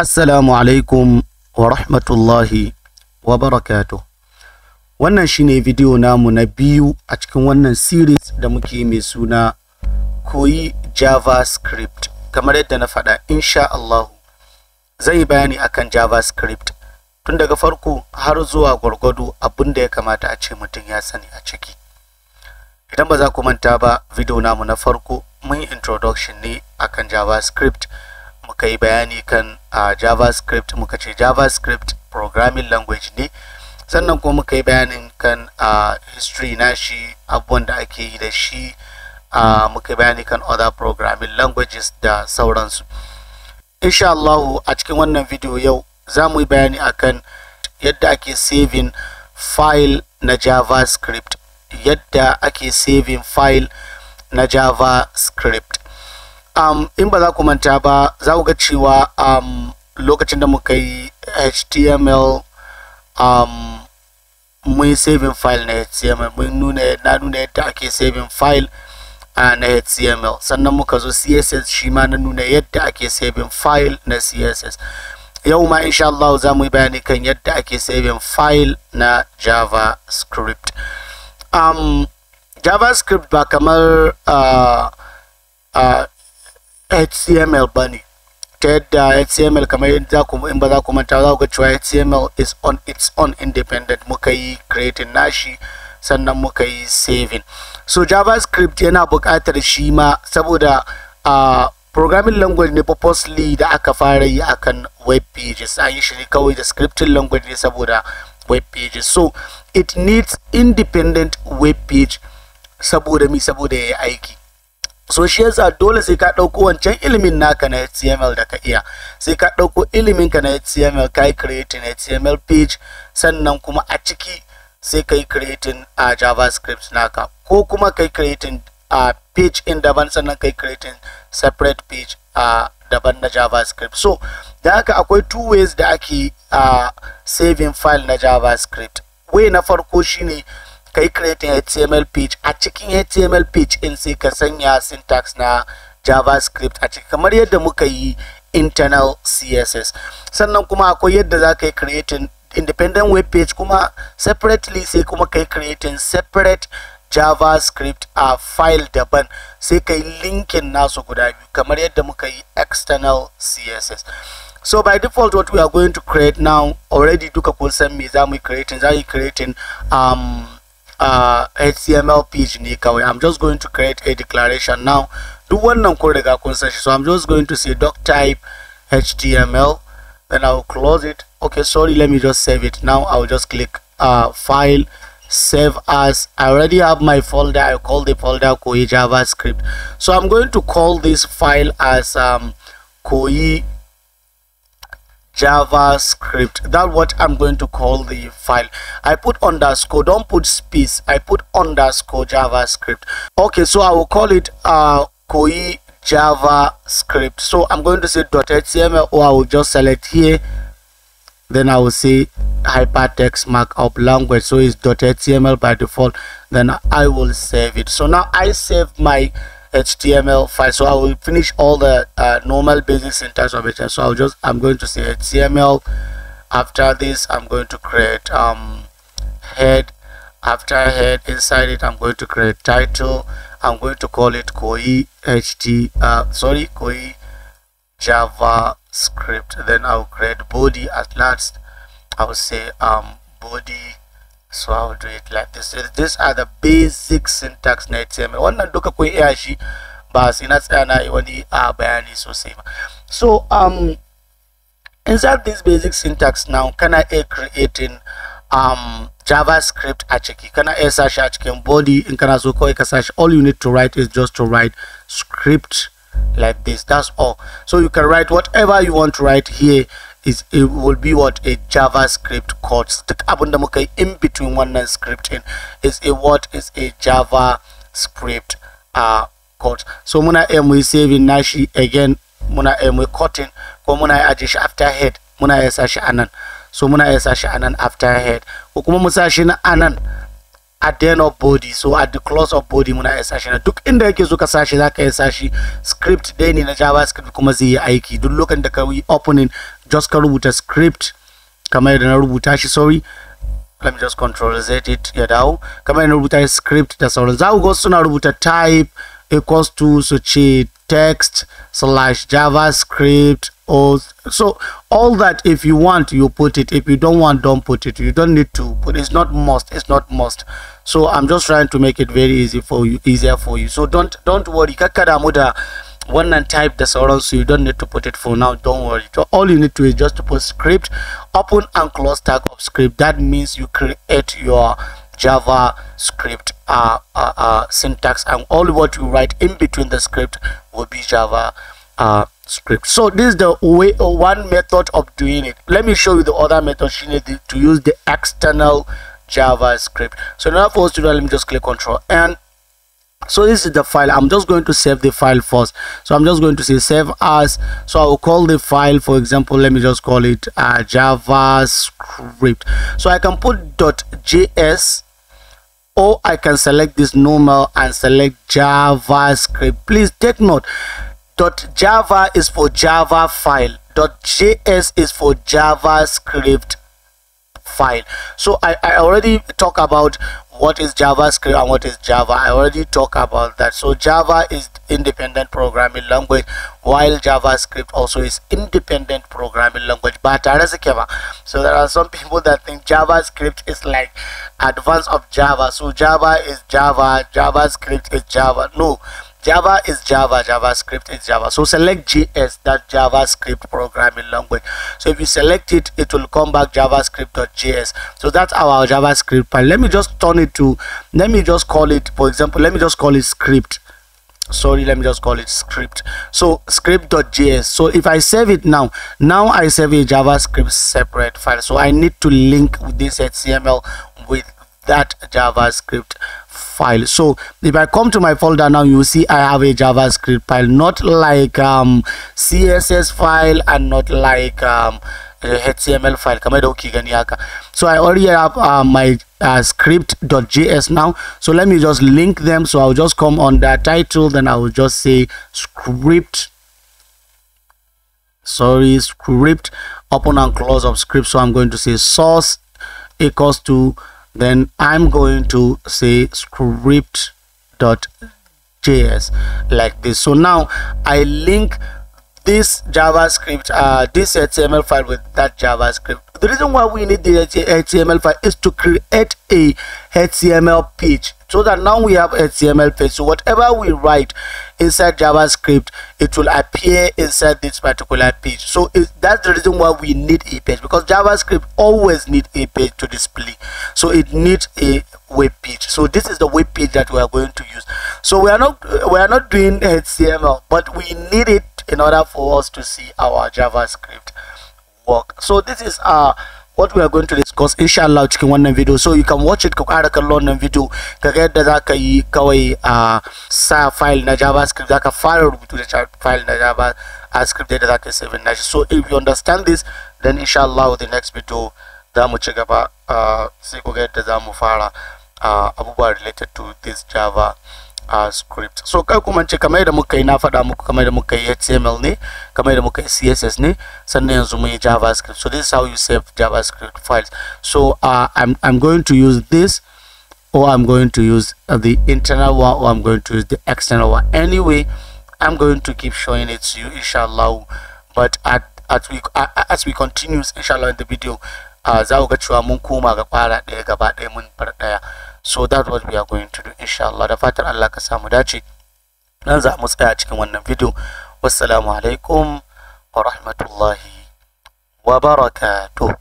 Assalamu alaikum wa rahmatullahi wa barakatuh. Wannan shine bidiyo namu na biyu a cikin wannan series da muke mai suna koyi JavaScript. Kamar yadda na faɗa insha Allah zai bayani akan JavaScript tun daga farko har zuwa gwargwado abin da ya kamata a ce mutum ya sani a ciki. Idan ba za ku manta ba, bidiyo namu na farko mun yi introduction ne akan JavaScript. muka yi bayani kan uh, javascript muka ce javascript programming language ne sannan kuma muka yi bayanin kan a history na shi abubuwan da ake yi da shi a muka yi bayani kan other programming languages da sauransu insha Allah a cikin wannan video yau za mu yi bayani akan yadda ake saving file na javascript yadda ake saving file na javascript um, in ba za ku manta ba za ku ga cewa um, lokacin da muka yi html um, mun yi saving file na html mun nuna na nuna yadda ake saving file uh, na html sannan muka zo css shi ma na nuna yadda ake saving file na css yau ma insha Allah za mu yi bayani kan yadda ake saving file na javascript um, javascript ba kamar uh, uh, html bani, ta yadda html kamar yadda in ba za ku manta za ku ga cewa html is on its own independent muka yi creating nashi sannan muka yi saving so javascript yana buƙatar shi ma saboda uh, programming language ne purposely da aka fara yi akan web pages an yi shi kawai da scripting language ne saboda web pages so it needs independent web page saboda mi saboda ya yi aiki so shi yasa dole sai ka ɗauko wancan ilimin naka na html da ka iya sai ka ɗauko ilimin ka na html kai yi creating html page sannan kuma a ciki sai kai yi creating a javascript naka ko kuma kai yi a page in daban sannan kai separate page a daban na javascript so da haka akwai two ways da ake a saving file na javascript way na farko shine kai creating html page a cikin html page in sai ka sanya syntax na javascript a cikin kamar yadda muka yi internal css sannan kuma akwai yadda za ka yi creating independent web page kuma separately sai kuma ka yi creating separate javascript a file daban sai ka yi linkin nasu guda biyu kamar yadda muka yi external css so by default what we are going to create now already duka kun san me za mu yi creating um, uh, HTML page in kawai I'm just going to create a declaration now one wannan ko code kun so I'm just going to say doc type HTML then I'll close it okay sorry let me just save it now I'll just click uh, file save as I already have my folder I call the folder koi javascript so I'm going to call this file as um, koi javascript that's what i'm going to call the file i put underscore don't put space i put underscore javascript okay so i will call it uh koi javascript so i'm going to say html or i will just select here then i will say hypertext markup language so it's html by default then i will save it so now i save my HTML file. So I will finish all the uh, normal basic syntax of HTML. So I'll just I'm going to say HTML. After this, I'm going to create um, head. After head, inside it, I'm going to create title. I'm going to call it Koi HT. Uh, sorry, Koi JavaScript. Then I'll create body. At last, I will say um, body so I will do it like this these are the basic syntax na i want to kun iya shi ba sai na tsaya na wani a bayani sosai so um inside this basic syntax now can i creating um javascript a can I search? sashi body in kana all you need to write is just to write script like this that's all so you can write whatever you want to write here is it will be what a javascript code ah, duk muka in between one script in is a what is a javascript uh, code so muna mwe saving nashi again muna mwe mu cutting ko muna iya after head muna iya shi anan so muna iya shi anan after head ko kuma mu sa shi anan a end of body so at the close of body muna iya sashi na duk inda yake so ka sashi za ka sashi script dai ne na javascript kuma zai yi aiki duk lokacin da ka yi opening just ka rubuta script kamar yadda na rubuta shi sorry let me just control z it ya dawo kamar na rubuta script da sauran za ku ga suna rubuta type equals to so ce text slash javascript or so all that if you want you put it if you don't want don't put it you don't need to but it's not must it's not must so i'm just trying to make it very easy for you easier for you so don't don't worry kakadamuda and type the da So you don't need to put it for now don't worry so all you need to is just to put script open and close tag of script that means you create your javascript uh, uh, uh, syntax and all what you write in between the script will be Java uh, script. So this is the way uh, one method of doing it. Let me show you the other method you need to, to use the external JavaScript. So now for us to do, let me just click Control and so this is the file i'm just going to save the file first so i'm just going to say save as so i will call the file for example let me just call it uh, javascript so i can put dot js or I can select this normal and select JavaScript. Please take note .java is for Java file .js is for JavaScript file. So I, I already talk about what is JavaScript and what is Java. I already talk about that. So Java is independent programming language while javascript also is independent programming language but tare suke ba ah. so there are some people that think javascript is like advance of java so java is java javascript is java no Java is Java, JavaScript is Java. So select GS, that JavaScript programming language. So if you select it, it will come back JavaScript.js. So that's our JavaScript file. Let me just turn it to, let me just call it, for example, let me just call it script sorry let me just call it script so script.js so if i save it now now i save a javascript separate file so i need to link this html with that javascript file so if i come to my folder now you see i have a javascript file not like um css file and not like um HTML eh, file kamar da kuke gani haka so I already have uh, my uh, script.js now so let me just link them so I'll just come on title then I will just say script sorry script open and close of script so I'm going to say source equals to then I'm going to say script.js like this so now I link this javascript uh, this html file with that javascript the reason why we need the HTML file is to create a HTML page so that now we have HTML page. So whatever we write inside JavaScript, it will appear inside this particular page. So it, that's the reason why we need a page because JavaScript always need a page to display. So it needs a web page. So this is the web page that we are going to use. So we are not we are not doing HTML, but we need it in order for us to see our JavaScript work so this is uh what we are going to discuss inshallah cikin one video so you can watch it ka ƙara kallon wannan video kaga yadda za ka yi kawai a uh, sa file na javascript za ka fara rubutu da file na javascript yadda za ka yi so if you understand this then inshallah the next video za mu ci gaba uh, sai ku ga yadda za mu fara uh, abubuwa related to this java a script so kai kuma ce kamar da muka yi na faɗa muku kamar da muka yi html ne kamar da muka yi css ne sannan yanzu mun yi javascript so this is how you save javascript files so uh, I'm, i'm going to use this or i'm going to use the internal one or i'm going to use the external one anyway i'm going to keep showing it to you inshallah but at as we as we continue inshallah in the video uh, za ku ga cewa mun koma ga fara gaba mun so that what we are going to do Allah da fatar Allah ka samu dace nan za mu tsaya cikin wannan video wassalamu alaikum wa rahmatullahi wa barakatuh